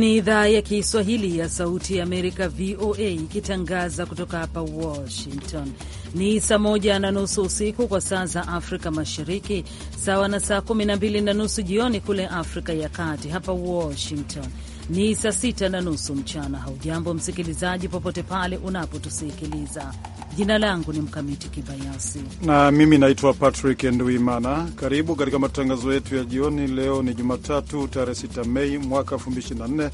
ni idhaa ya Kiswahili ya Sauti ya Amerika, VOA, ikitangaza kutoka hapa Washington. Ni saa moja na nusu usiku kwa saa za Afrika Mashariki, sawa na saa kumi na mbili na nusu jioni kule Afrika ya Kati. Hapa Washington ni saa sita na nusu mchana. Haujambo msikilizaji, popote pale unapotusikiliza. Jina langu ni Mkamiti Kibayasi na mimi naitwa Patrick Nduimana. Karibu katika matangazo yetu ya jioni. Leo ni Jumatatu, tarehe 6 Mei mwaka 2024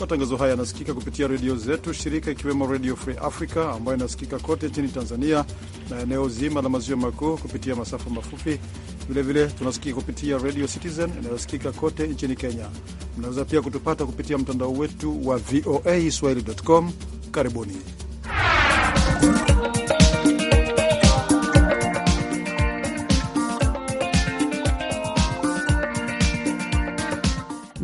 Matangazo haya yanasikika kupitia redio zetu shirika, ikiwemo Redio Free Africa ambayo inasikika kote nchini Tanzania na eneo zima la maziwa makuu kupitia masafa mafupi. Vilevile tunasikika kupitia Redio Citizen inayosikika kote nchini Kenya. Mnaweza pia kutupata kupitia mtandao wetu wa VOA Swahili.com. Karibuni.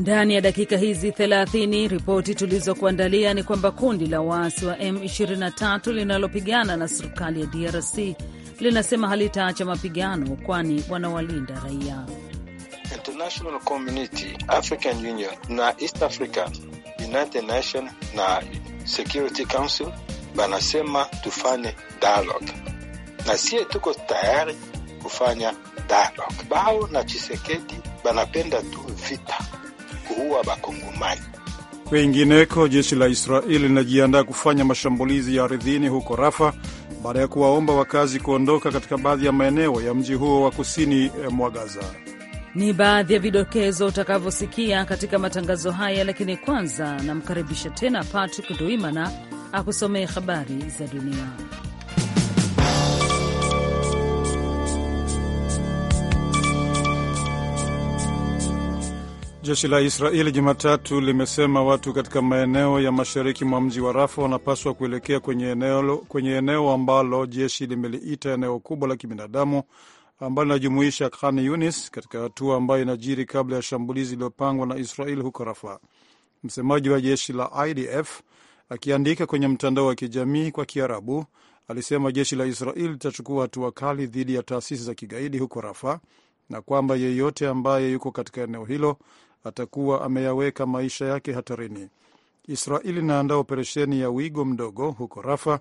Ndani ya dakika hizi 30 ripoti tulizokuandalia ni kwamba kundi la waasi wa M23 linalopigana na serikali ya DRC linasema halitaacha mapigano, kwani wanawalinda raia. International Community, African Union na East Africa, United Nations na Security Council banasema tufanye dialogue, na sie tuko tayari kufanya dialogue. Bao na Chisekedi banapenda tu vita kuua Bakongomani. Kwingineko, jeshi la Israeli linajiandaa kufanya mashambulizi ya ardhini huko Rafa baada ya kuwaomba wakazi kuondoka katika baadhi ya maeneo ya mji huo wa kusini eh, mwa Gaza. Ni baadhi ya vidokezo utakavyosikia katika matangazo haya, lakini kwanza namkaribisha tena Patrick Duimana akusomee habari za dunia. Jeshi la Israeli Jumatatu limesema watu katika maeneo ya mashariki mwa mji wa Rafa wanapaswa kuelekea kwenye eneo, kwenye eneo ambalo jeshi limeliita eneo kubwa la kibinadamu ambalo linajumuisha Khan Yunis, katika hatua ambayo inajiri kabla ya shambulizi iliyopangwa na Israel huko Rafa. Msemaji wa jeshi la IDF akiandika kwenye mtandao wa kijamii kwa Kiarabu alisema jeshi la Israel litachukua hatua kali dhidi ya taasisi za kigaidi huko Rafa na kwamba yeyote ambaye yuko katika eneo hilo atakuwa ameyaweka maisha yake hatarini. Israeli inaandaa operesheni ya wigo mdogo huko Rafa,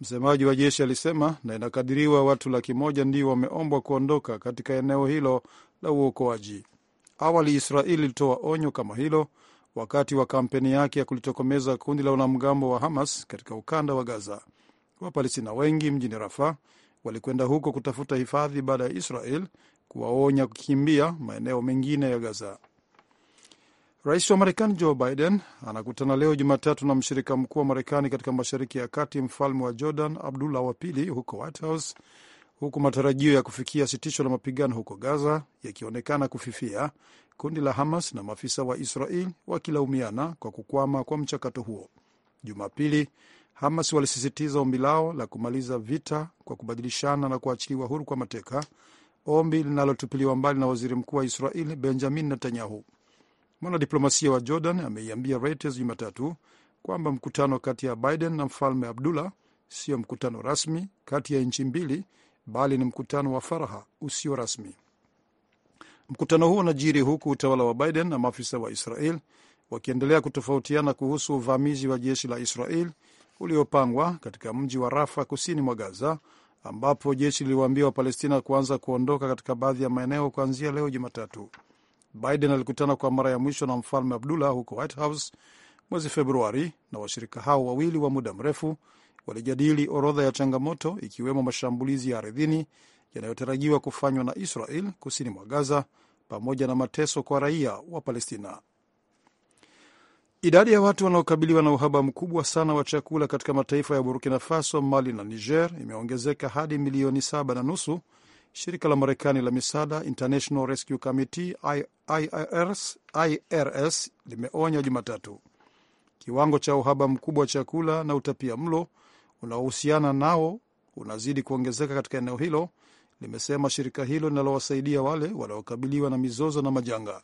msemaji wa jeshi alisema, na inakadiriwa watu laki moja ndio wameombwa kuondoka katika eneo hilo la uokoaji. Awali Israeli ilitoa onyo kama hilo wakati wa kampeni yake ya kulitokomeza kundi la wanamgambo wa Hamas katika ukanda wa Gaza. Wapalestina wengi mjini Rafa walikwenda huko kutafuta hifadhi baada ya Israel kuwaonya kukimbia maeneo mengine ya Gaza. Rais wa Marekani Joe Biden anakutana leo Jumatatu na mshirika mkuu wa Marekani katika Mashariki ya Kati, mfalme wa Jordan Abdullah wa Pili, huko White House, huku matarajio ya kufikia sitisho la mapigano huko Gaza yakionekana kufifia, kundi la Hamas na maafisa wa Israel wakilaumiana kwa kukwama kwa mchakato huo. Jumapili, Hamas walisisitiza ombi lao la kumaliza vita kwa kubadilishana na kuachiliwa huru kwa mateka, ombi linalotupiliwa mbali na waziri mkuu wa Israel Benjamin Netanyahu. Mwanadiplomasia wa Jordan ameiambia Reuters Jumatatu kwamba mkutano kati ya Biden na mfalme Abdullah sio mkutano rasmi kati ya nchi mbili, bali ni mkutano wa faraha usio rasmi. Mkutano huo unajiri huku utawala wa Biden na maafisa wa Israel wakiendelea kutofautiana kuhusu uvamizi wa jeshi la Israel uliopangwa katika mji wa Rafa kusini mwa Gaza, ambapo jeshi liliwaambia Wapalestina kuanza kuondoka katika baadhi ya maeneo kuanzia leo Jumatatu. Biden alikutana kwa mara ya mwisho na mfalme Abdullah huko White House mwezi Februari, na washirika hao wawili wa muda mrefu walijadili orodha ya changamoto, ikiwemo mashambulizi ya ardhini yanayotarajiwa kufanywa na Israel kusini mwa Gaza pamoja na mateso kwa raia wa Palestina. Idadi ya watu wanaokabiliwa na uhaba mkubwa sana wa chakula katika mataifa ya Burkina Faso, Mali na Niger imeongezeka hadi milioni saba na nusu Shirika la Marekani la misaada International Rescue Committee IRS, IRS limeonya Jumatatu kiwango cha uhaba mkubwa wa chakula na utapia mlo unaohusiana nao unazidi kuongezeka katika eneo hilo, limesema shirika hilo linalowasaidia wale wanaokabiliwa na mizozo na majanga.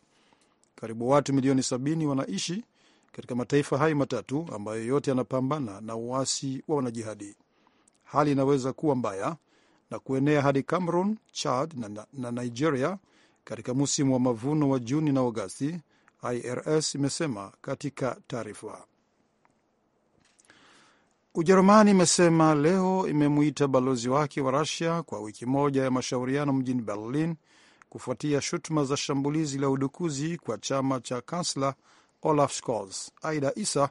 Karibu watu milioni 70 wanaishi katika mataifa hayo matatu ambayo yote yanapambana na uasi wa wanajihadi. Hali inaweza kuwa mbaya na kuenea hadi Cameroon, Chad na, na Nigeria katika msimu wa mavuno wa Juni na Agosti, IRS imesema katika taarifa. Ujerumani imesema leo imemuita balozi wake wa Rusia kwa wiki moja ya mashauriano mjini Berlin kufuatia shutuma za shambulizi la udukuzi kwa chama cha kansla Olaf Scholz. Aida Isa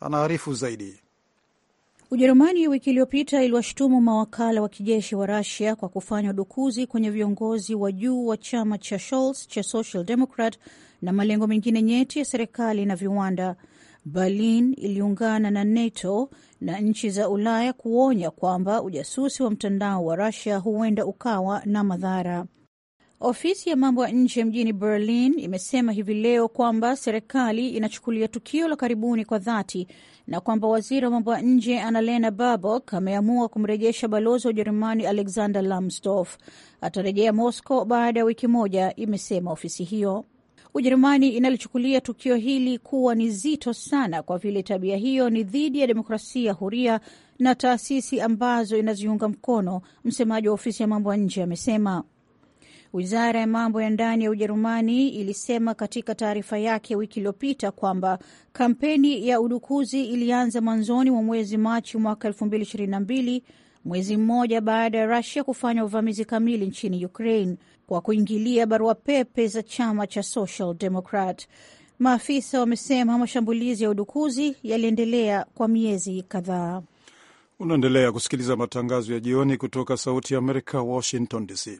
anaarifu zaidi. Ujerumani wiki iliyopita iliwashutumu mawakala wa kijeshi wa Rusia kwa kufanya udukuzi kwenye viongozi wa juu wa chama cha Scholz cha Social Democrat na malengo mengine nyeti ya serikali na viwanda. Berlin iliungana na NATO na nchi za Ulaya kuonya kwamba ujasusi wa mtandao wa Rusia huenda ukawa na madhara. Ofisi ya mambo ya nje mjini Berlin imesema hivi leo kwamba serikali inachukulia tukio la karibuni kwa dhati na kwamba waziri wa mambo ya nje Annalena Baerbock ameamua kumrejesha balozi wa Ujerumani Alexander Lambsdorff. Atarejea Moscow baada ya wiki moja, imesema ofisi hiyo. Ujerumani inalichukulia tukio hili kuwa ni zito sana, kwa vile tabia hiyo ni dhidi ya demokrasia huria na taasisi ambazo inaziunga mkono, msemaji wa ofisi ya mambo ya nje amesema. Wizara ya mambo ya ndani ya Ujerumani ilisema katika taarifa yake wiki iliyopita kwamba kampeni ya udukuzi ilianza mwanzoni mwa mwezi Machi mwaka 2022 mwezi mmoja baada ya Rusia kufanya uvamizi kamili nchini Ukraine kwa kuingilia barua pepe za chama cha Social Democrat. Maafisa wamesema mashambulizi ya udukuzi yaliendelea kwa miezi kadhaa. Unaendelea kusikiliza matangazo ya jioni kutoka Sauti ya Amerika, Washington DC.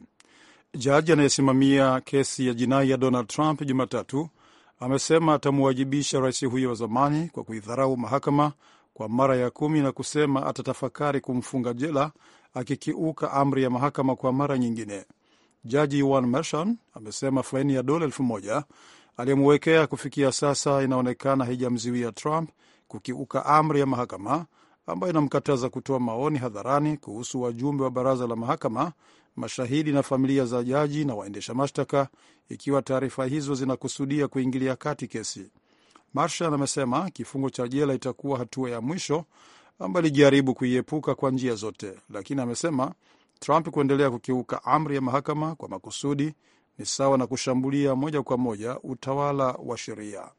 Jaji anayesimamia kesi ya jinai ya Donald Trump Jumatatu amesema atamwajibisha rais huyo wa zamani kwa kuidharau mahakama kwa mara ya kumi na kusema atatafakari kumfunga jela akikiuka amri ya mahakama kwa mara nyingine. Jaji Juan Merchan amesema faini ya dola elfu moja aliyemwekea kufikia sasa inaonekana haijamziwia Trump kukiuka amri ya mahakama ambayo inamkataza kutoa maoni hadharani kuhusu wajumbe wa baraza la mahakama mashahidi na familia za jaji na waendesha mashtaka ikiwa taarifa hizo zinakusudia kuingilia kati kesi. marshal amesema kifungo cha jela itakuwa hatua ya mwisho ambayo alijaribu kuiepuka kwa njia zote, lakini amesema Trump kuendelea kukiuka amri ya mahakama kwa makusudi ni sawa na kushambulia moja kwa moja utawala wa sheria.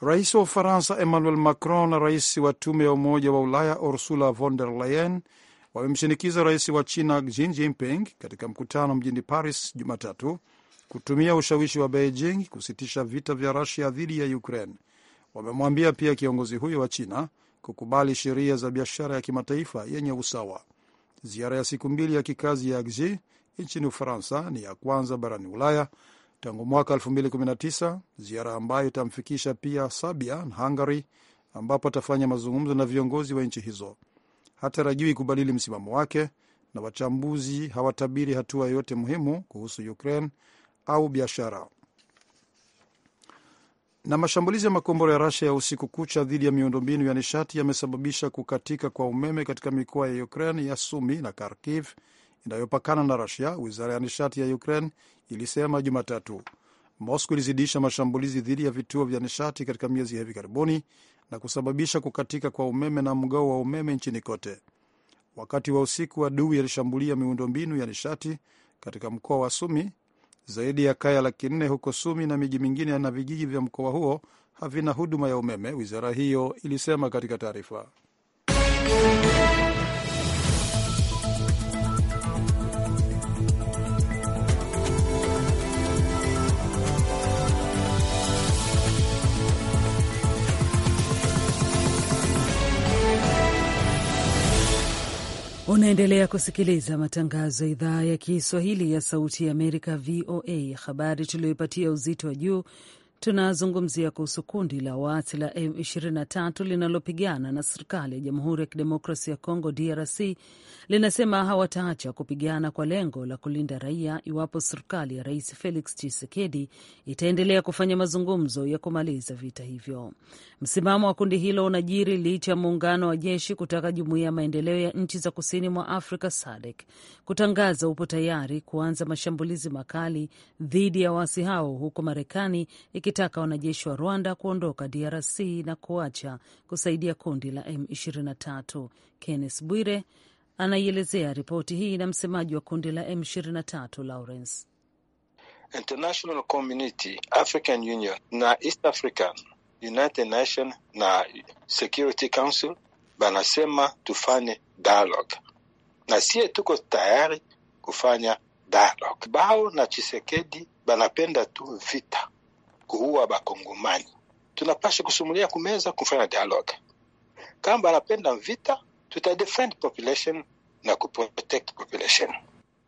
Rais wa Ufaransa Emmanuel Macron na rais wa tume ya Umoja wa Ulaya Ursula von der Leyen wamemshinikiza rais wa China Xi Jinping katika mkutano mjini Paris Jumatatu kutumia ushawishi wa Beijing kusitisha vita vya Rusia dhidi ya Ukraine. Wamemwambia pia kiongozi huyo wa China kukubali sheria za biashara ya kimataifa yenye usawa. Ziara ya siku mbili ya kikazi ya Xi nchini Ufaransa ni ya kwanza barani Ulaya tangu mwaka 2019, ziara ambayo itamfikisha pia Serbia na Hungary ambapo atafanya mazungumzo na viongozi wa nchi hizo hatarajiwi kubadili msimamo wake na wachambuzi hawatabiri hatua yoyote muhimu kuhusu Ukraine au biashara. Na mashambulizi ya makombora ya Russia ya usiku kucha dhidi ya miundombinu ya nishati yamesababisha kukatika kwa umeme katika mikoa ya Ukraine ya Sumi na Kharkiv inayopakana na rusia wizara ya nishati ya Ukraine ilisema Jumatatu. Moscow ilizidisha mashambulizi dhidi ya vituo vya nishati katika miezi ya hivi karibuni na kusababisha kukatika kwa umeme na mgao wa umeme nchini kote. Wakati wa usiku, adui yalishambulia miundombinu ya nishati katika mkoa wa Sumi. Zaidi ya kaya laki nne huko Sumi na miji mingine na vijiji vya mkoa huo havina huduma ya umeme, wizara hiyo ilisema katika taarifa. Unaendelea kusikiliza matangazo ya idhaa ya Kiswahili ya Sauti ya Amerika, VOA. Habari tuliyoipatia uzito wa juu tunazungumzia kuhusu kundi la waasi la M23 linalopigana na serikali ya Jamhuri ya Kidemokrasia ya Kongo, DRC, linasema hawataacha kupigana kwa lengo la kulinda raia iwapo serikali ya Rais Felix Tshisekedi itaendelea kufanya mazungumzo ya kumaliza vita hivyo. Msimamo wa kundi hilo unajiri licha ya muungano wa jeshi kutaka Jumuiya ya Maendeleo ya Nchi za Kusini mwa Afrika SADC kutangaza upo tayari kuanza mashambulizi makali dhidi ya waasi hao, huku Marekani ikitaka wanajeshi wa Rwanda kuondoka DRC na kuacha kusaidia kundi la M23. Kenneth Bwire Anaielezea ripoti hii na msemaji wa kundi la M23 Lawrence. International Community, African Union na East African United Nations na Security Council banasema tufanye dialogue, na sie tuko tayari kufanya dialogue. Bao na Chisekedi banapenda tu vita, kuua Bakongomani. Tunapasha kusumulia kumeza kufanya dialogue. Kama banapenda vita to population na kuprotect population.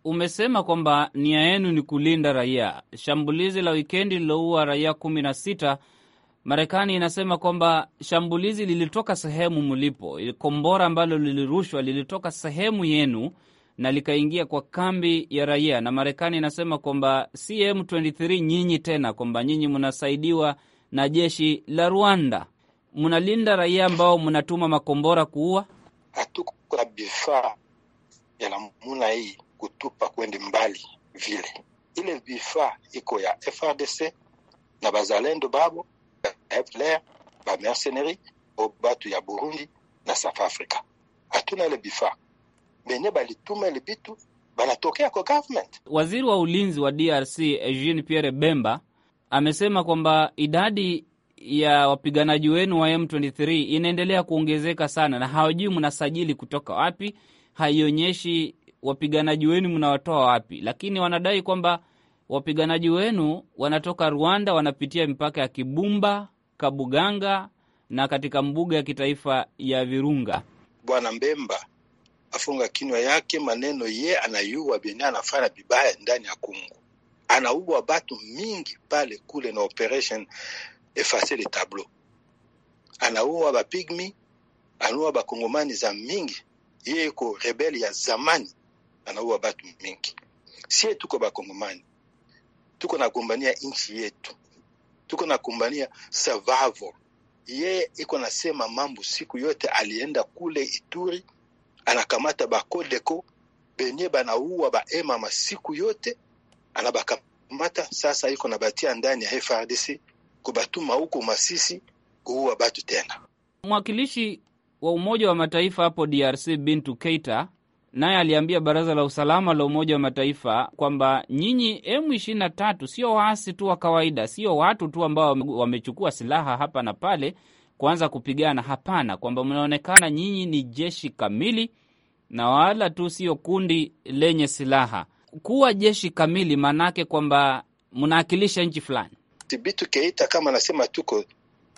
Umesema kwamba nia yenu ni kulinda raia. Shambulizi la wikendi liloua raia kumi na sita, Marekani inasema kwamba shambulizi lilitoka sehemu mlipo, kombora ambalo lilirushwa lilitoka sehemu yenu na likaingia kwa kambi ya raia, na Marekani inasema kwamba cm 23 nyinyi tena, kwamba nyinyi mnasaidiwa na jeshi la Rwanda, mnalinda raia ambao mnatuma makombora kuua hatuko na vifaa ya namuna hii kutupa kwende mbali vile. Ile vifaa iko ya FRDC na bazalendo babo FLR bamercenari o batu ya Burundi na South Africa, hatuna ile vifaa benye balituma ile bitu banatokea kwa government. Waziri wa ulinzi wa DRC Jean Pierre Bemba amesema kwamba idadi ya wapiganaji wenu wa M23 inaendelea kuongezeka sana, na hawajui mnasajili kutoka wapi, haionyeshi wapiganaji wenu mnawatoa wapi, lakini wanadai kwamba wapiganaji wenu wanatoka Rwanda, wanapitia mipaka ya Kibumba, Kabuganga na katika mbuga ya kitaifa ya Virunga. Bwana Mbemba afunga kinywa yake maneno, ye anayua bene anafanya bibaya ndani ya Kongo, anaua batu mingi pale kule na operation effacer le tableau anaua bapigmi anaua bakongomani za mingi ye eko rebele ya zamani anaua batu mingi sie tuko bakongomani tuko nagombania nchi yetu tuko nagombania survival ye iko nasema mambo siku yote alienda kule ituri anakamata bakodeko benye banaua baemama siku yote anabakamata sasa iko nabatia ndani ya frdc kubatuma huko Masisi kuua batu tena. Mwakilishi wa Umoja wa Mataifa hapo DRC Bintu Keita naye aliambia baraza la usalama la Umoja wa Mataifa kwamba nyinyi M23 sio waasi tu wa kawaida, sio watu tu ambao wamechukua silaha hapa na pale kuanza kupigana. Hapana, kwamba mnaonekana nyinyi ni jeshi kamili na wala tu sio kundi lenye silaha. Kuwa jeshi kamili maanake kwamba mnaakilisha nchi fulani. Tibitu Keita kama anasema tuko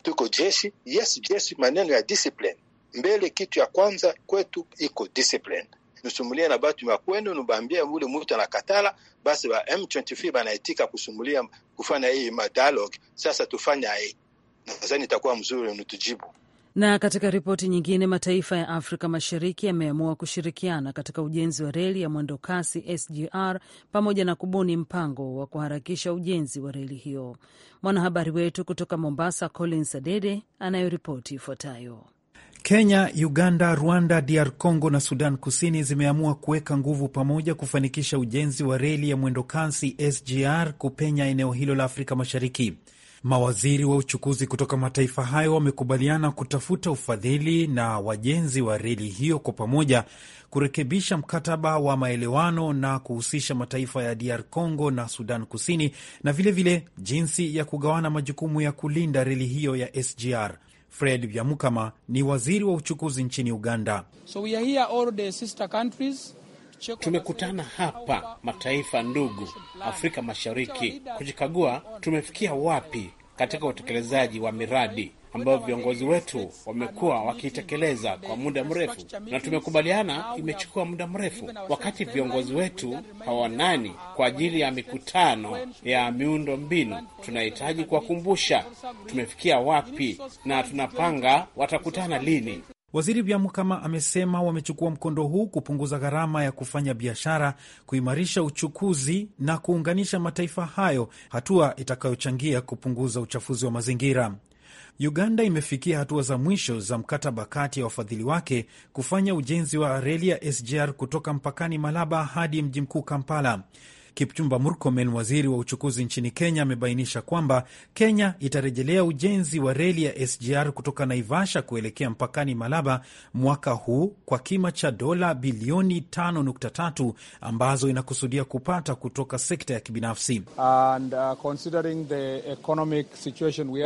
tuko jeshi, yes jeshi, maneno ya discipline mbele. Kitu ya kwanza kwetu iko discipline. Nusumulia na batu makwenu, nubambia mule mutu anakatala, basi ba M23 banaitika kusumulia kufanya hii ma Sasa tufanya hii, nadhani itakuwa mzuri, nutujibu na katika ripoti nyingine, mataifa ya Afrika Mashariki yameamua kushirikiana katika ujenzi wa reli ya mwendokasi SGR pamoja na kubuni mpango wa kuharakisha ujenzi wa reli hiyo. Mwanahabari wetu kutoka Mombasa, Collins Adede, anayoripoti ifuatayo. Kenya, Uganda, Rwanda, DR Congo na Sudan Kusini zimeamua kuweka nguvu pamoja kufanikisha ujenzi wa reli ya mwendokasi SGR kupenya eneo hilo la Afrika Mashariki. Mawaziri wa uchukuzi kutoka mataifa hayo wamekubaliana kutafuta ufadhili na wajenzi wa reli hiyo kwa pamoja kurekebisha mkataba wa maelewano na kuhusisha mataifa ya DR Congo na Sudan Kusini na vilevile vile, jinsi ya kugawana majukumu ya kulinda reli hiyo ya SGR. Fred Byamukama ni waziri wa uchukuzi nchini Uganda. So we are here all the sister countries Tumekutana hapa mataifa ndugu Afrika Mashariki kujikagua tumefikia wapi katika utekelezaji wa miradi ambayo viongozi wetu wamekuwa wakiitekeleza kwa muda mrefu, na tumekubaliana imechukua muda mrefu, wakati viongozi wetu hawanani kwa ajili ya mikutano ya miundo mbinu. Tunahitaji kuwakumbusha tumefikia wapi na tunapanga watakutana lini. Waziri Biamkama amesema wamechukua mkondo huu kupunguza gharama ya kufanya biashara, kuimarisha uchukuzi na kuunganisha mataifa hayo, hatua itakayochangia kupunguza uchafuzi wa mazingira. Uganda imefikia hatua za mwisho za mkataba kati ya wafadhili wake kufanya ujenzi wa reli ya SGR kutoka mpakani Malaba hadi mji mkuu Kampala. Kipchumba Murkomen, waziri wa uchukuzi nchini Kenya, amebainisha kwamba Kenya itarejelea ujenzi wa reli ya SGR kutoka Naivasha kuelekea mpakani Malaba mwaka huu kwa kima cha dola bilioni 5.3 ambazo inakusudia kupata kutoka sekta ya kibinafsi. Uh,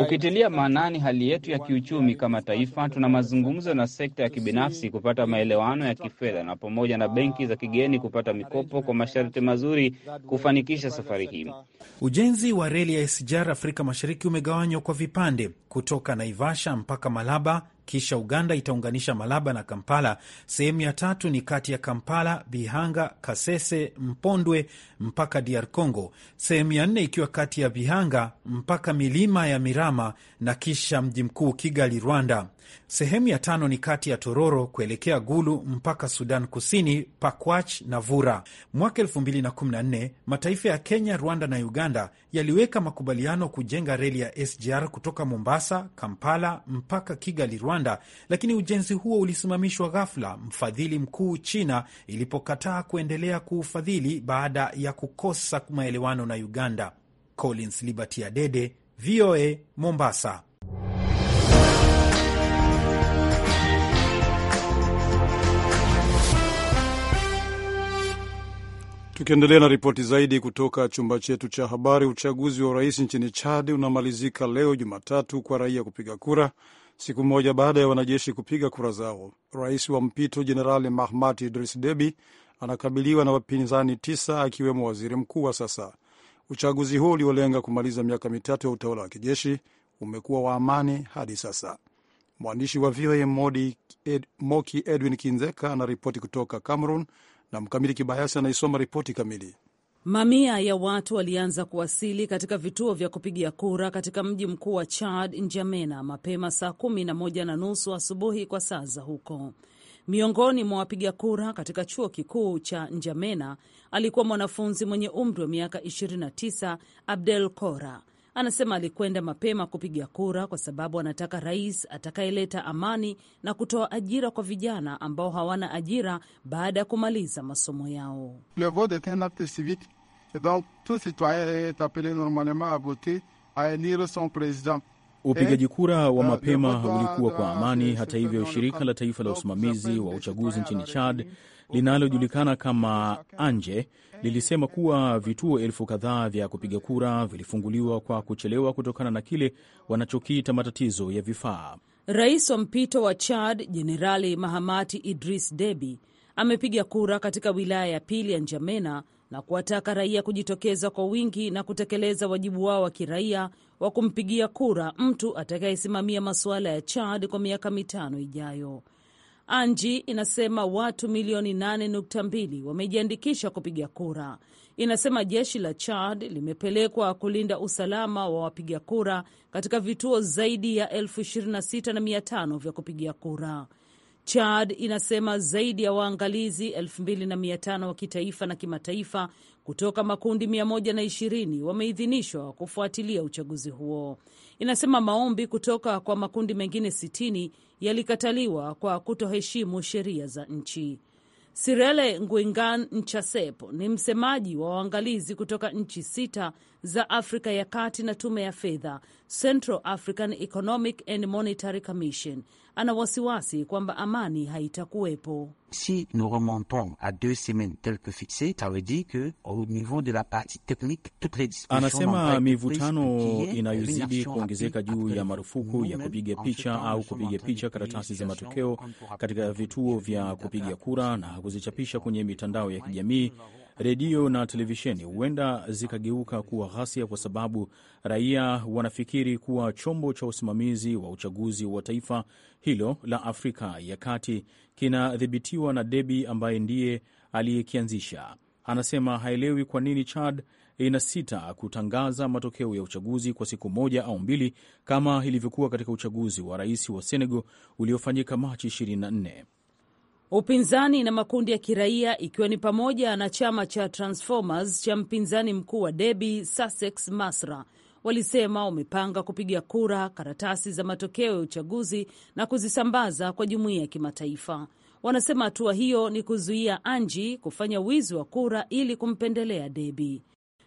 Ukitilia maanani hali yetu ya kiuchumi kama taifa, tuna mazungumzo na sekta ya kibinafsi kupata maelewano ya kifedha na pamoja na benki za kigeni kupata mikopo kwa masharti mazuri kufanikisha safari hii. Ujenzi wa reli ya SGR Afrika Mashariki umegawanywa kwa vipande kutoka Naivasha mpaka Malaba, kisha Uganda itaunganisha Malaba na Kampala. Sehemu ya tatu ni kati ya Kampala, Bihanga, Kasese, Mpondwe mpaka DR Congo, sehemu ya nne ikiwa kati ya Bihanga mpaka milima ya Mirama na kisha mji mkuu Kigali, Rwanda. Sehemu ya tano ni kati ya Tororo kuelekea Gulu mpaka Sudan Kusini, Pakwach na Vura. Mwaka 2014 mataifa ya Kenya, Rwanda na Uganda yaliweka makubaliano kujenga reli ya SGR kutoka Mombasa, Kampala mpaka Kigali, Rwanda, lakini ujenzi huo ulisimamishwa ghafla mfadhili mkuu China ilipokataa kuendelea kuufadhili baada ya kukosa maelewano na Uganda. Collins Liberty Adede, VOA Mombasa. Tukiendelea na ripoti zaidi kutoka chumba chetu cha habari, uchaguzi wa urais nchini Chad unamalizika leo Jumatatu kwa raia kupiga kura, siku moja baada ya wanajeshi kupiga kura zao. Rais wa mpito Jenerali Mahamat Idris Deby anakabiliwa na wapinzani tisa, akiwemo waziri mkuu wa sasa. Uchaguzi huo uliolenga kumaliza miaka mitatu ya utawala wa kijeshi umekuwa wa amani hadi sasa. Mwandishi wa VOA Moki Edwin Kinzeka anaripoti kutoka Cameroon na Mkamili Kibayasi anaisoma ripoti kamili. Mamia ya watu walianza kuwasili katika vituo vya kupigia kura katika mji mkuu wa Chad, Njamena, mapema saa kumi na moja na nusu asubuhi kwa saa za huko. Miongoni mwa wapiga kura katika chuo kikuu cha Njamena alikuwa mwanafunzi mwenye umri wa miaka 29 Abdel Kora anasema alikwenda mapema kupiga kura kwa sababu anataka rais atakayeleta amani na kutoa ajira kwa vijana ambao hawana ajira baada ya kumaliza masomo yao. Upigaji kura wa mapema ulikuwa kwa amani. Hata hivyo, shirika la taifa la usimamizi wa uchaguzi nchini Chad linalojulikana kama Anje lilisema kuwa vituo elfu kadhaa vya kupiga kura vilifunguliwa kwa kuchelewa kutokana na kile wanachokiita matatizo ya vifaa. Rais wa mpito wa Chad Jenerali Mahamati Idris Debi, amepiga kura katika wilaya ya pili ya Njamena na kuwataka raia kujitokeza kwa wingi na kutekeleza wajibu wao wa kiraia wa kumpigia kura mtu atakayesimamia masuala ya Chad kwa miaka mitano ijayo. Anji inasema watu milioni 8.2 wamejiandikisha kupiga kura. Inasema jeshi la Chad limepelekwa kulinda usalama wa wapiga kura katika vituo zaidi ya 26,500 26 vya kupiga kura. Chad inasema zaidi ya waangalizi 2500 wa kitaifa na kimataifa kutoka makundi 120 wameidhinishwa kufuatilia uchaguzi huo inasema maombi kutoka kwa makundi mengine sitini yalikataliwa kwa kutoheshimu sheria za nchi. Sirele Nguingan Nchasep ni msemaji wa waangalizi kutoka nchi sita za Afrika ya Kati na tume ya fedha Central African Economic and Monetary Commission. Ana wasiwasi kwamba amani haitakuwepo. Si nous remontons à deux semaines telles que fixées, ça veut dire que au niveau de la partie technique, toutes les discussions. Anasema mivutano inayozidi kuongezeka juu ya marufuku ya kupiga picha au kupiga picha karatasi za matokeo katika vituo vya kupiga kura na kuzichapisha kwenye mitandao ya kijamii redio na televisheni huenda zikageuka kuwa ghasia, kwa sababu raia wanafikiri kuwa chombo cha usimamizi wa uchaguzi wa taifa hilo la Afrika ya Kati kinadhibitiwa na Debi ambaye ndiye aliyekianzisha. Anasema haelewi kwa nini Chad inasita kutangaza matokeo ya uchaguzi kwa siku moja au mbili kama ilivyokuwa katika uchaguzi wa rais wa Senegal uliofanyika Machi 24. Upinzani na makundi ya kiraia ikiwa ni pamoja na chama cha Transformers cha mpinzani mkuu wa Debi Sussex Masra walisema wamepanga kupiga kura karatasi za matokeo ya uchaguzi na kuzisambaza kwa jumuiya ya kimataifa. Wanasema hatua hiyo ni kuzuia Anji kufanya wizi wa kura ili kumpendelea Debi.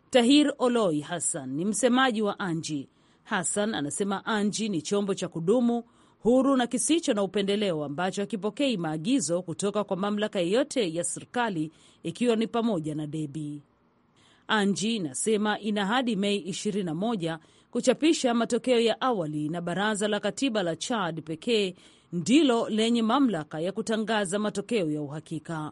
Tahir Oloi Hassan ni msemaji wa Anji. Hassan anasema Anji ni chombo cha kudumu huru na kisicho na upendeleo ambacho hakipokei maagizo kutoka kwa mamlaka yeyote ya serikali ikiwa ni pamoja na Debi. Anji inasema ina hadi Mei 21 kuchapisha matokeo ya awali, na baraza la katiba la Chad pekee ndilo lenye mamlaka ya kutangaza matokeo ya uhakika.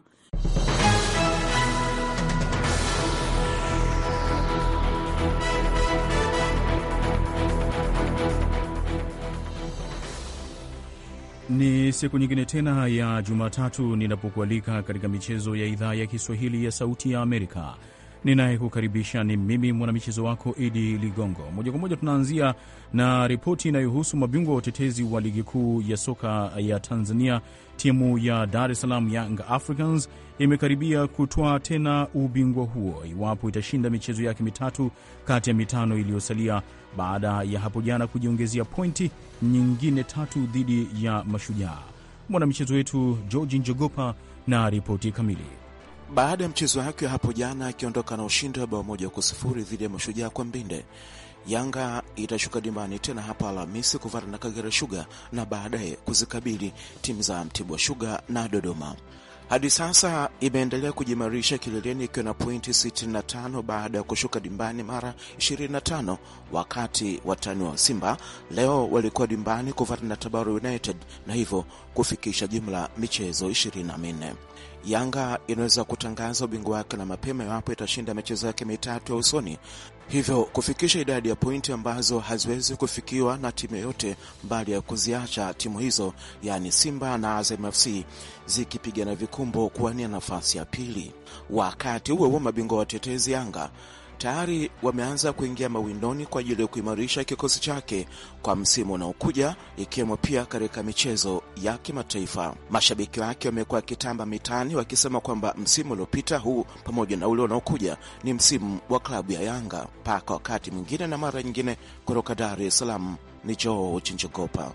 Ni siku nyingine tena ya Jumatatu ninapokualika katika michezo ya idhaa ya Kiswahili ya Sauti ya Amerika ninayekukaribisha ni mimi mwanamichezo wako Idi Ligongo. Moja kwa moja tunaanzia na ripoti inayohusu mabingwa wa utetezi wa ligi kuu ya soka ya Tanzania. Timu ya Dar es Salaam Young Africans imekaribia kutoa tena ubingwa huo iwapo itashinda michezo yake mitatu kati ya mitano iliyosalia, baada ya hapo jana kujiongezea pointi nyingine tatu dhidi ya Mashujaa. Mwanamichezo wetu Georgi Njogopa na ripoti kamili baada ya mchezo wake hapo jana akiondoka na ushindi wa bao moja kwa sifuri dhidi ya Mashujaa kwa Mbinde. Yanga itashuka dimbani tena hapa Alhamisi kuvana na Kagera Sugar na baadaye kuzikabili timu za Mtibwa Sugar na Dodoma. Hadi sasa imeendelea kujimarisha kileleni ikiwa na pointi 65 baada ya kushuka dimbani mara 25, wakati watani wa Simba leo walikuwa dimbani kuvana na Tabora United na hivyo kufikisha jumla michezo 24. Yanga inaweza kutangaza ubingwa wake na mapema iwapo itashinda michezo yake mitatu ya usoni, hivyo kufikisha idadi ya pointi ambazo haziwezi kufikiwa na timu yoyote, mbali ya kuziacha timu hizo, yaani Simba na Azam FC zikipigana vikumbo kuwania nafasi ya pili. Wakati huo huo, mabingwa watetezi Yanga tayari wameanza kuingia mawindoni kwa ajili ya kuimarisha kikosi chake kwa msimu unaokuja, ikiwemo pia katika michezo ya kimataifa. Mashabiki wake wamekuwa kitamba mitaani wakisema kwamba msimu uliopita, huu pamoja na ule unaokuja ni msimu wa klabu ya Yanga. Mpaka wakati mwingine na mara nyingine, kutoka Dar es Salaam ni George Njogopa.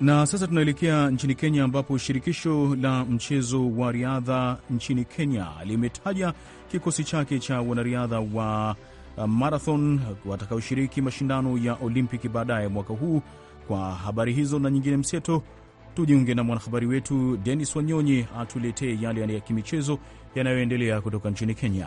Na sasa tunaelekea nchini Kenya ambapo shirikisho la mchezo wa riadha nchini Kenya limetaja kikosi chake cha wanariadha wa uh, marathon watakaoshiriki mashindano ya Olimpiki baadaye mwaka huu. Kwa habari hizo na nyingine mseto, tujiunge na mwanahabari wetu Denis Wanyonyi atuletee yale ya kimichezo yanayoendelea kutoka nchini Kenya.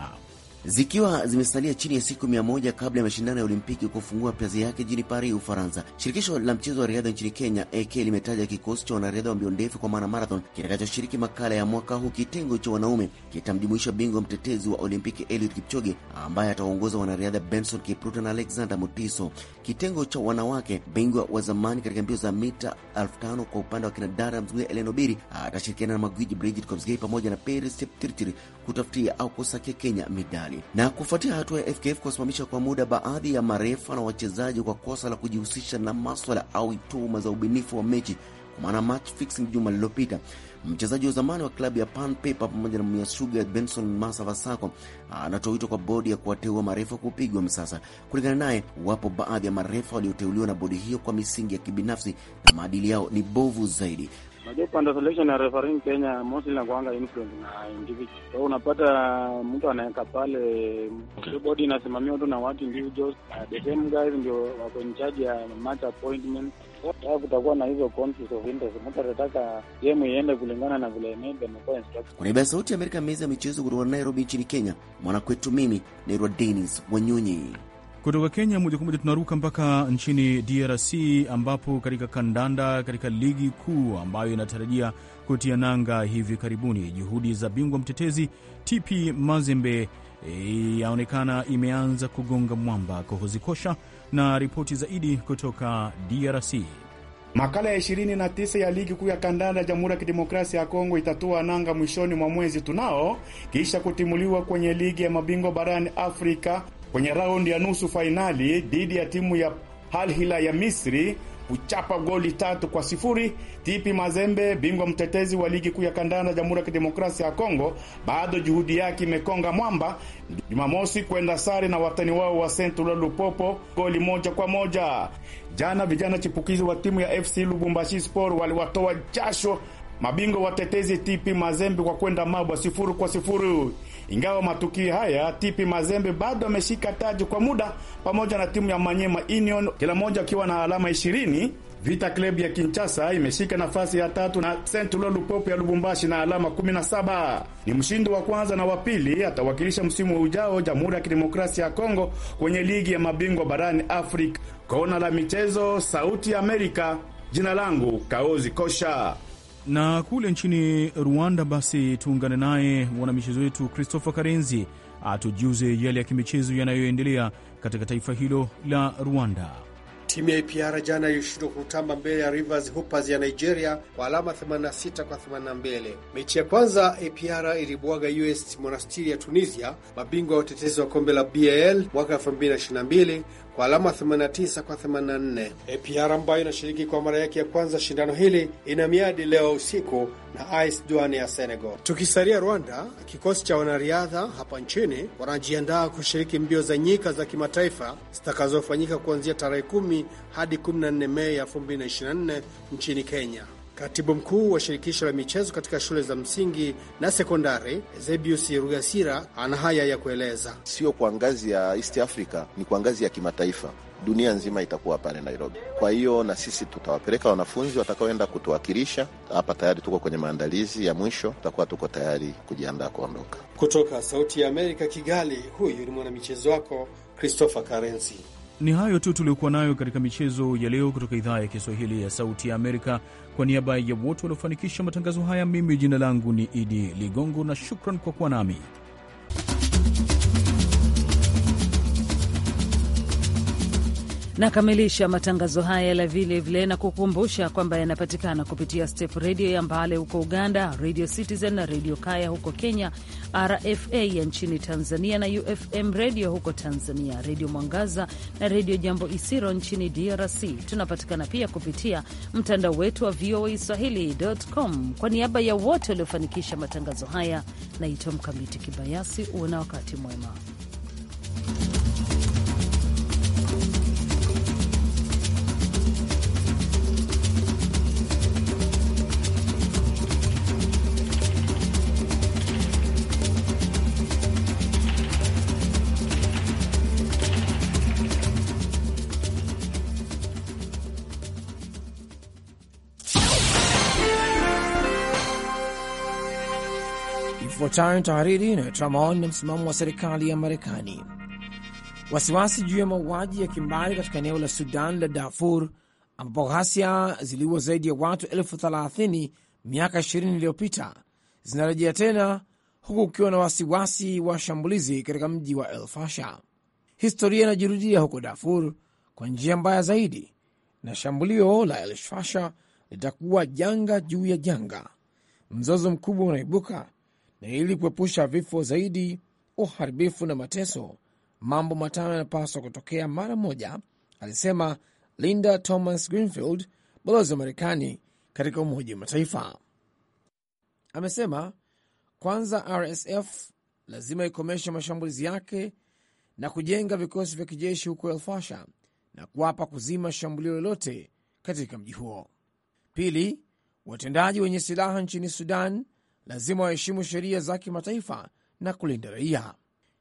Zikiwa zimesalia chini ya siku mia moja kabla ya mashindano ya Olimpiki kufungua piazi yake jijini Paris, Ufaransa, shirikisho la mchezo wa riadha nchini Kenya AK limetaja kikosi cha wanariadha wa mbio ndefu kwa maana marathon kitakachoshiriki makala ya mwaka huu. Kitengo cha wanaume kitamjumuisha bingwa mtetezi wa Olimpiki Eliud Kipchoge ambaye ataongoza wanariadha Benson Kipruto na Alexander Mutiso. Kitengo cha wanawake bingwa wa zamani katika mbio za mita elfu tano kwa upande wa kinadada, mzunguya Eleno Biri atashirikiana na magwiji Brigid Kosgei pamoja na Peris Cheptirtir kutafutia au kusakia Kenya midali. Na kufuatia hatua ya FKF kuwasimamisha kwa muda baadhi ya marefa na wachezaji kwa kosa la kujihusisha na maswala au tuhuma za ubinifu wa mechi kwa maana match fixing juma lililopita Mchezaji wa zamani wa klabu ya Pan Paper pamoja na Mnyasuga Benson Masa Vasako anatoa wito kwa bodi ya kuwateua marefa kupigwa msasa. Kulingana naye, wapo baadhi ya marefa walioteuliwa na bodi hiyo kwa misingi ya kibinafsi na maadili yao ni bovu zaidi. Unajua upande selection ya refereeing Kenya mostly inakuanga influence na individual. So unapata mtu anaweka pale okay. Body inasimamiwa tu na watu individuals, uh, the same guys ndio wako in charge ya match appointment. So kutakuwa na hizo conflict of interest. Mtu atataka game iende kulingana na vile maybe amekuwa instruction. Kwa niaba ya Sauti ya Amerika, meza ya michezo kutoka Nairobi nchini Kenya, mwana kwetu mimi ni Dennis Wanyunyi. Kutoka Kenya moja kwa moja tunaruka mpaka nchini DRC ambapo katika kandanda, katika ligi kuu ambayo inatarajia kutia nanga hivi karibuni, juhudi za bingwa mtetezi TP Mazembe e, yaonekana imeanza kugonga mwamba. Kohozi Kosha na ripoti zaidi kutoka DRC. Makala ya 29 ya ligi kuu ya kandanda ya Jamhuri ya Kidemokrasia ya Kongo itatua nanga mwishoni mwa mwezi tunao, kisha kutimuliwa kwenye ligi ya mabingwa barani Afrika kwenye raundi ya nusu fainali dhidi ya timu ya Al Hilal ya Misri kuchapa goli tatu kwa sifuri. Tipi Mazembe, bingwa mtetezi wa ligi kuu ya kandanda Jamhuri ya Kidemokrasia ya Kongo, bado juhudi yake imekonga mwamba Jumamosi kwenda sare na watani wao wa Central Lupopo goli moja kwa moja. Jana vijana chipukizi wa timu ya FC Lubumbashi Sport waliwatoa jasho mabingwa watetezi Tipi Mazembe kwa kwenda mabwa sifuri kwa sifuri. Ingawa matukio haya, TP Mazembe bado ameshika taji kwa muda pamoja na timu ya Manyema Union, kila moja akiwa na alama ishirini. Vita Club ya Kinshasa imeshika nafasi ya tatu na Saint Eloi Lupopo ya Lubumbashi na alama 17. Ni mshindi wa kwanza na wa pili atawakilisha msimu ujao Jamhuri ya Kidemokrasia ya Kongo kwenye ligi ya mabingwa barani Afrika. Kona la michezo, Sauti ya Amerika. Jina langu Kaozi Kosha. Na kule nchini Rwanda, basi tuungane naye mwanamichezo wetu Christopher Karenzi atujuze yale ya kimichezo yanayoendelea katika taifa hilo la Rwanda. Timu ya APR jana ilishindwa kutamba mbele ya Rivers Hoopers ya Nigeria kwa alama 86 kwa 82. Mechi ya kwanza APR ilibwaga US Monastiri ya Tunisia, mabingwa ya utetezi wa kombe la BAL mwaka 2022 kwa alama 89 kwa 84. APR ambayo inashiriki kwa mara yake ya kwanza shindano hili ina miadi leo usiku na AS Duane ya Senegal. Tukisalia Rwanda, kikosi cha wanariadha hapa nchini wanajiandaa kushiriki mbio za nyika za kimataifa zitakazofanyika kuanzia tarehe 10 hadi 14 Mei 2024 nchini Kenya. Katibu mkuu wa shirikisho la michezo katika shule za msingi na sekondari Zebius Rugasira ana haya ya kueleza. Sio kwa ngazi ya East Africa, ni kwa ngazi ya kimataifa. Dunia nzima itakuwa pale Nairobi. Kwa hiyo na sisi tutawapeleka wanafunzi watakaoenda kutuwakilisha hapa. Tayari tuko kwenye maandalizi ya mwisho, tutakuwa tuko tayari kujiandaa kuondoka. Kutoka Sauti ya Amerika Kigali, huyu ni mwanamichezo wako Christopher Karenzi. Ni hayo tu tuliokuwa nayo katika michezo ya leo kutoka idhaa ya Kiswahili ya Sauti ya Amerika. Kwa niaba ya wote waliofanikisha matangazo haya, mimi jina langu ni Idi Ligongo na shukran kwa kuwa nami. Nakamilisha matangazo haya la vile vile na kukumbusha kwamba yanapatikana kupitia Step Redio ya Mbale huko Uganda, Radio Citizen na Redio Kaya huko Kenya, RFA ya nchini Tanzania na UFM Redio huko Tanzania, Redio Mwangaza na Redio Jambo Isiro nchini DRC. Tunapatikana pia kupitia mtandao wetu wa VOA Swahili.com. Kwa niaba ya wote waliofanikisha matangazo haya, naitwa Mkamiti Kibayasi. Uwe na wakati mwema. Ifuatayo ni tahariri inayotoa maoni na msimamo wa serikali ya Marekani. Wasiwasi juu ya mauaji ya kimbari katika eneo la Sudan la Darfur, ambapo ghasia ziliua zaidi ya watu elfu thelathini miaka 20 iliyopita, zinarejea tena huku ukiwa na wasiwasi wa shambulizi katika mji wa El Fasha. Historia inajirudia huko Darfur kwa njia mbaya zaidi, na shambulio la El Fasha litakuwa janga juu ya janga. Mzozo mkubwa unaibuka na ili kuepusha vifo zaidi, uharibifu na mateso, mambo matano yanapaswa kutokea mara moja, alisema Linda Thomas Greenfield, balozi wa Marekani katika Umoja wa Mataifa. Amesema kwanza, RSF lazima ikomeshe mashambulizi yake na kujenga vikosi vya kijeshi huko Elfasha na kuwapa kuzima shambulio lolote katika mji huo. Pili, watendaji wenye silaha nchini Sudan lazima waheshimu sheria za kimataifa na kulinda raia.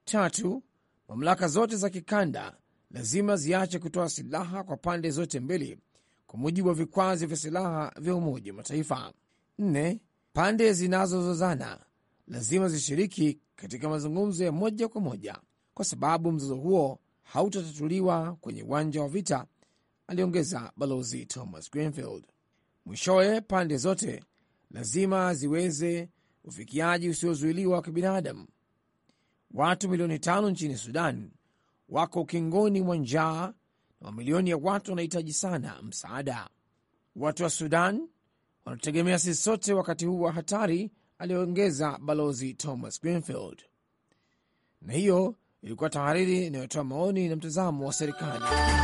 Tatu, mamlaka zote za kikanda lazima ziache kutoa silaha kwa pande zote mbili kwa mujibu wa vikwazo vya silaha vya Umoja wa Mataifa. Nne, pande zinazozozana lazima zishiriki katika mazungumzo ya moja kwa moja kwa sababu mzozo huo hautatatuliwa kwenye uwanja wa vita, aliongeza Balozi Thomas Greenfield. Mwishowe, pande zote lazima ziweze ufikiaji usiozuiliwa wa kibinadamu. Watu milioni tano nchini Sudan wako ukingoni mwa njaa na mamilioni ya watu wanahitaji sana msaada. Watu wa Sudan wanategemea sisi sote wakati huu wa hatari, aliyoongeza Balozi Thomas Greenfield. Na hiyo ilikuwa tahariri inayotoa maoni na mtazamo wa serikali.